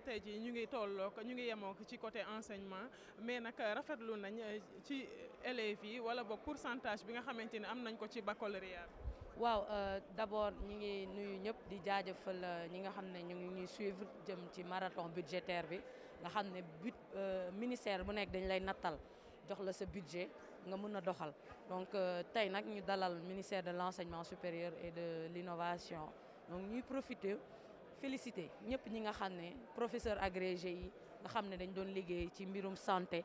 mooy tey jii ñu ngi tolloo ñu ngi yemoo ci côté enseignement mais nag rafetlu nañ euh, ci élèves yi wala boog pourcentage bi nga xamante ni am nañ ko ci baccalauréat waaw euh, d'abord ñi ngi nuyu ñëpp di jaajëfal euh, ñi nga xam ne ñu ngi ñuy suivre jëm ci marathon budgétaire bi nga xam ne but ministère bu nekk dañ lay nattal jox la sa budget nga mën a doxal donc tey nag ñu dalal ministère de l'enseignement supérieur et de l'innovation donc ñuy profiter félicité ñëpp ñi nga xam ne professeur agrégé yi nga xam ne dañ doon liggéey ci mbirum santé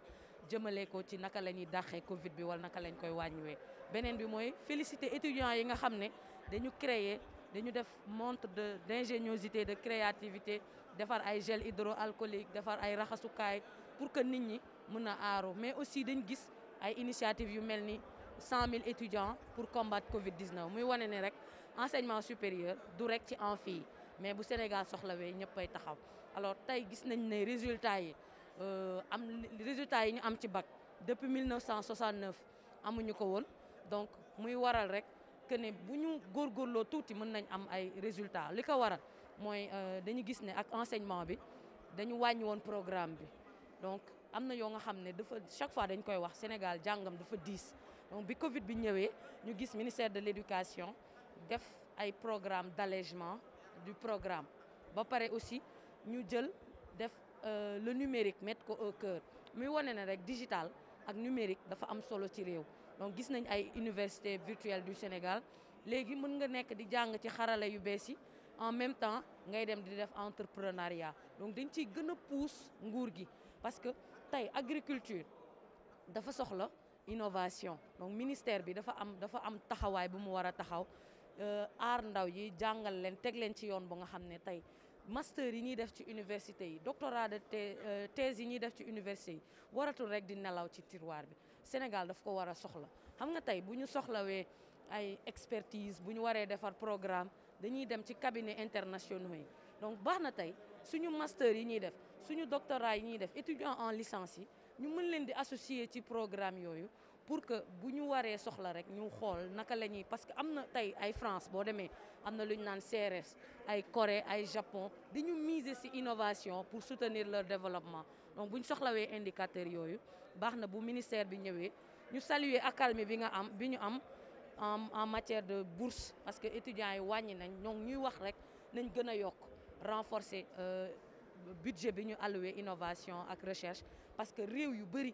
jëmale ko ci naka la ñuy dàqee Covid bi wala naka lañ koy wàññiwee beneen bi mooy félicité étudiants yi nga xam ne dañu créer dañu def montre de d'ingéniosité de créativité defar ay gel hydroalcoolique defar ay raxasukaay pour que nit ñi mën a aaru mais aussi dañ gis ay initiative yu mel ni cent mille étudiants pour combattre Covid 19 muy wane ne rek enseignement supérieur du ci en fii mais bu Sénégal soxlawee ñëppay taxaw alors tey gis nañ ne résultat yi euh, am résultat yi ñu am ci bag depuis 1969 amuñu ko woon donc muy waral rek que ne bu ñu góorgóorloo tuuti mën nañ am ay résultats li ko waral mooy euh, dañu gis ne ak enseignement bi dañu wàññi woon programme bi donc am na yoo nga xam ne dafa chaque fois dañ koy wax Sénégal jàngam dafa diis donc bi Covid bi ñëwee ñu gis ministère de l'éducation def ay programme d'allègement du programme ba pare aussi ñu jël def euh, le numérique mettre ko au cœur muy wane na rek digital ak numérique dafa am solo ci réew donc gis nañ ay université virtuelle du Sénégal léegi mën nga nekk di jàng ci xarala yu bees yi en même temps ngay dem di def entreprenariat donc dañ ci gën a pousse nguur gi parce que tey agriculture dafa soxla innovation donc ministère bi dafa am dafa am taxawaay bu mu war a taxaw Euh, aar ndaw yi jàngal leen teg leen ci yoon bu nga xam ne tey master yi ñuy def ci université yi doctorat de euh, thèse yi ñuy def ci université yi waratul rek di nelaw ci tiroir bi Sénégal daf ko war a soxla xam nga tey bu ñu soxlawee ay expertise bu ñu waree defar programme dañuy dem ci cabinet internationaux yi donc baax na tey suñu master yi ñuy def suñu doctorat yi ñuy def étudiant en licence yi ñu mën leen di associer ci programme yooyu pour que bu ñu waree soxla rek ñu xool naka la ñuy parce que am na tey ay France boo demee am na lu ñu naan CRS ay Corée ay Japon di ñu miser ci innovation pour soutenir leur développement donc bu ñu soxlawee indicateurs yooyu baax na bu ministère bi ñëwee ñu saluer accalmie bi nga am bi ñu am en matière de bourse parce que étudiants yi wàññi nañ donc ñuy wax rek nañ gën a yokk renforcer euh, budget bi ñu alloué innovation ak recherche parce que réew yu bëri.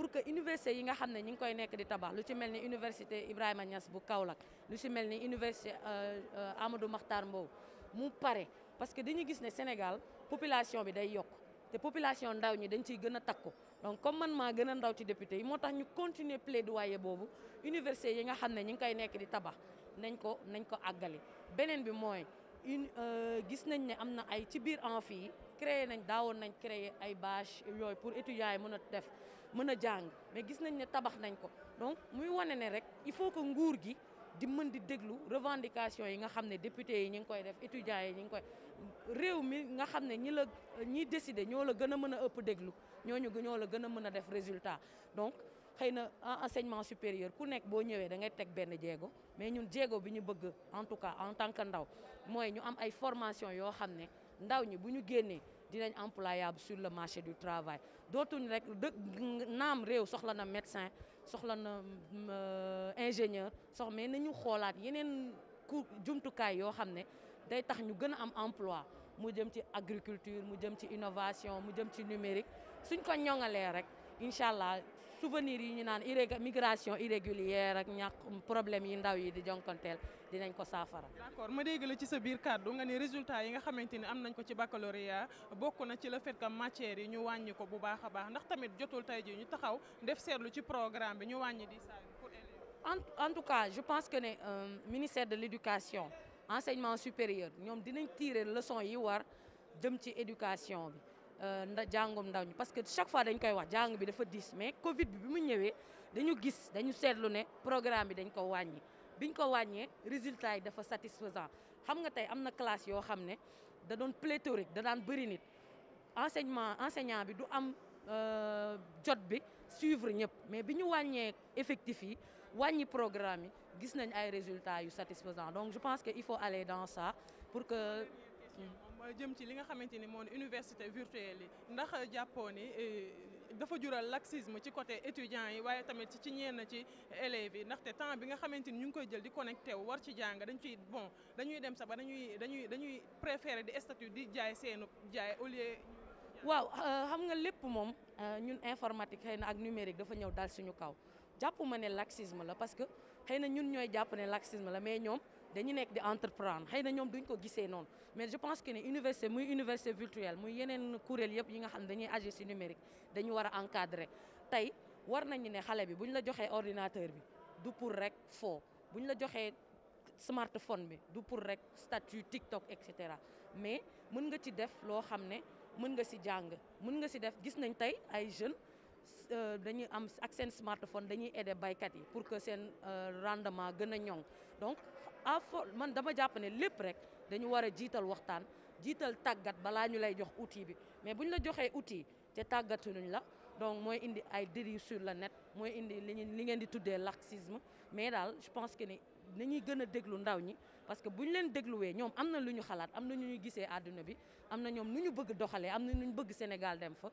pour que université yi nga xam ne ñu ngi koy nekk di tabax lu ci mel ni université Ibrahima Niass bu Kaolack lu ci mel ni université euh, euh, Amadou Mahtar Mbow mu pare parce que dañu gis ne Sénégal population bi day yokk te population ndaw ñi dañ ciy gën a ko donc comme man maa gën a ndaw ci député yi moo tax ñu continuer plaidoyer boobu université yi nga xam ne ñu ngi koy nekk di tabax nañ ko nañ ko àggali beneen bi mooy une euh, gis nañ ne am na ay ci biir amphi yi créé nañ daawoon nañ créer ay bâche yooyu pour étudiants yi mën a def mën a jàng mais gis nañ ne tabax nañ ko donc muy wane ne rek il faut que nguur gi di mën di déglu revendication yi nga xam ne député yi ñu ngi koy def étudiants yi ñu ngi koy réew mi nga xam ne ñi la ñi décider ñoo la gën a mën a ëpp déglu ñooñu ñoo la gën a mën a def résultat donc xëy na en enseignement supérieur ku nekk boo ñëwee da ngay teg benn jéego mais ñun jéego bi ñu bëgg en tout cas en tant que ndaw mooy ñu am ay formation yoo xam ne ndaw ñi bu ñu génnee dinañ employable sur le marché du travail dootuñ rek dë naam réew soxla na médecin soxla na euh, ingénieur sox mais nañu xoolaat yeneen ku jumtukaay yoo xam ne day tax ñu gën a am emploi mu jëm ci agriculture mu jëm ci innovation mu jëm ci numérique suñ ko ñoŋalee rek incha allah souvenir yi ñu naan irrég migration irrégulière ak ñàkk problème yi ndaw yi di jonkanteel dinañ ko saafara. d'accord ma dégg la ci sa biir kàddu nga ni résultat yi nga xamante ni am nañ ko ci baccalauréat bokk na ci la fait que matières yi ñu wàññi ko bu baax a baax ndax tamit jotul tey jii ñu taxaw def seetlu ci programme bi ñu wàññi di saa pour élèves. en en tout cas je pense que ne euh, ministère de l'éducation enseignement supérieur ñoom dinañ tirer leçon yi war jëm ci éducation bi. Euh, nda jàngum ndaw ñi parce que chaque fois dañ koy wax jàng bi dafa diis mais Covid bi bi mu ñëwee dañu gis dañu seetlu ne programme bi dañ ko wàññi bi ñu ko wàññee résultat yi dafa satisfaisant xam nga tey am na classe yoo xam ne da doon pléthorique da daan bëri nit enseignement enseignant bi du am euh, jot bi suivre ñëpp mais bi ñu wàññee effectif yi wàññi programme yi gis nañ ay résultat yu satisfaisant donc je pense que il faut aller dans ça pour que. Hmm. mooy jëm ci li nga xamante ni moom université virtuelle yi ndax jàppoo ni euh, dafa jural laxisme ci côté étudiants yi waaye tamit ci ñeen na ci élèves yi ndaxte temps bi nga xamante ni ñu ngi koy jël di connecté wu war ci jàng dañ ciy bon dañuy dem sax ba dañuy dañuy dañuy préféré di statut di jaay seenu jaay au lieu. waaw euh, xam nga lépp moom euh, ñun informatique xëy na ak numérique dafa ñëw dal suñu kaw jàpp ma ne laxisme la parce que xëy na ñun ñooy jàpp ne laxisme la mais ñoom. dañu nekk di entreprendre xëy na ñoom duñ ko gisee noonu mais je pense que ne université muy université virtuelle muy yeneen kuréel yëpp yi nga xam dañuy agir ci numérique dañu war a encadrer tey war nañ ne xale bi bu ñu la joxee ordinateur bi du pour rek foo bu la joxee smartphone bi du pour rek statut TikTok et cetera mais mun nga ci def loo xam ne mën nga ci jàng mën nga ci def gis nañ tey ay jeunes euh, dañuy am ak seen smartphone dañuy aider baykat yi pour que seen euh, rendement gën a ñoŋ à for man dama jàpp ne lépp rek dañu war a jiital waxtaan jiital tàggat balaa ñu lay jox outil bi mais bu ñu la joxee outil te tàggatunuñ la donc mooy indi ay dérives sur le net mooy indi li li ngeen di tuddee laxisme mais daal je pense que ni nañuy gën a déglu ndaw ñi parce que bu ñu leen dégluwee ñoom am na lu ñu xalaat am na ñu ñu gisee àdduna bi am na ñoom nu ñu bëgg doxalee am na nu ñu bëgg Sénégal dem fa.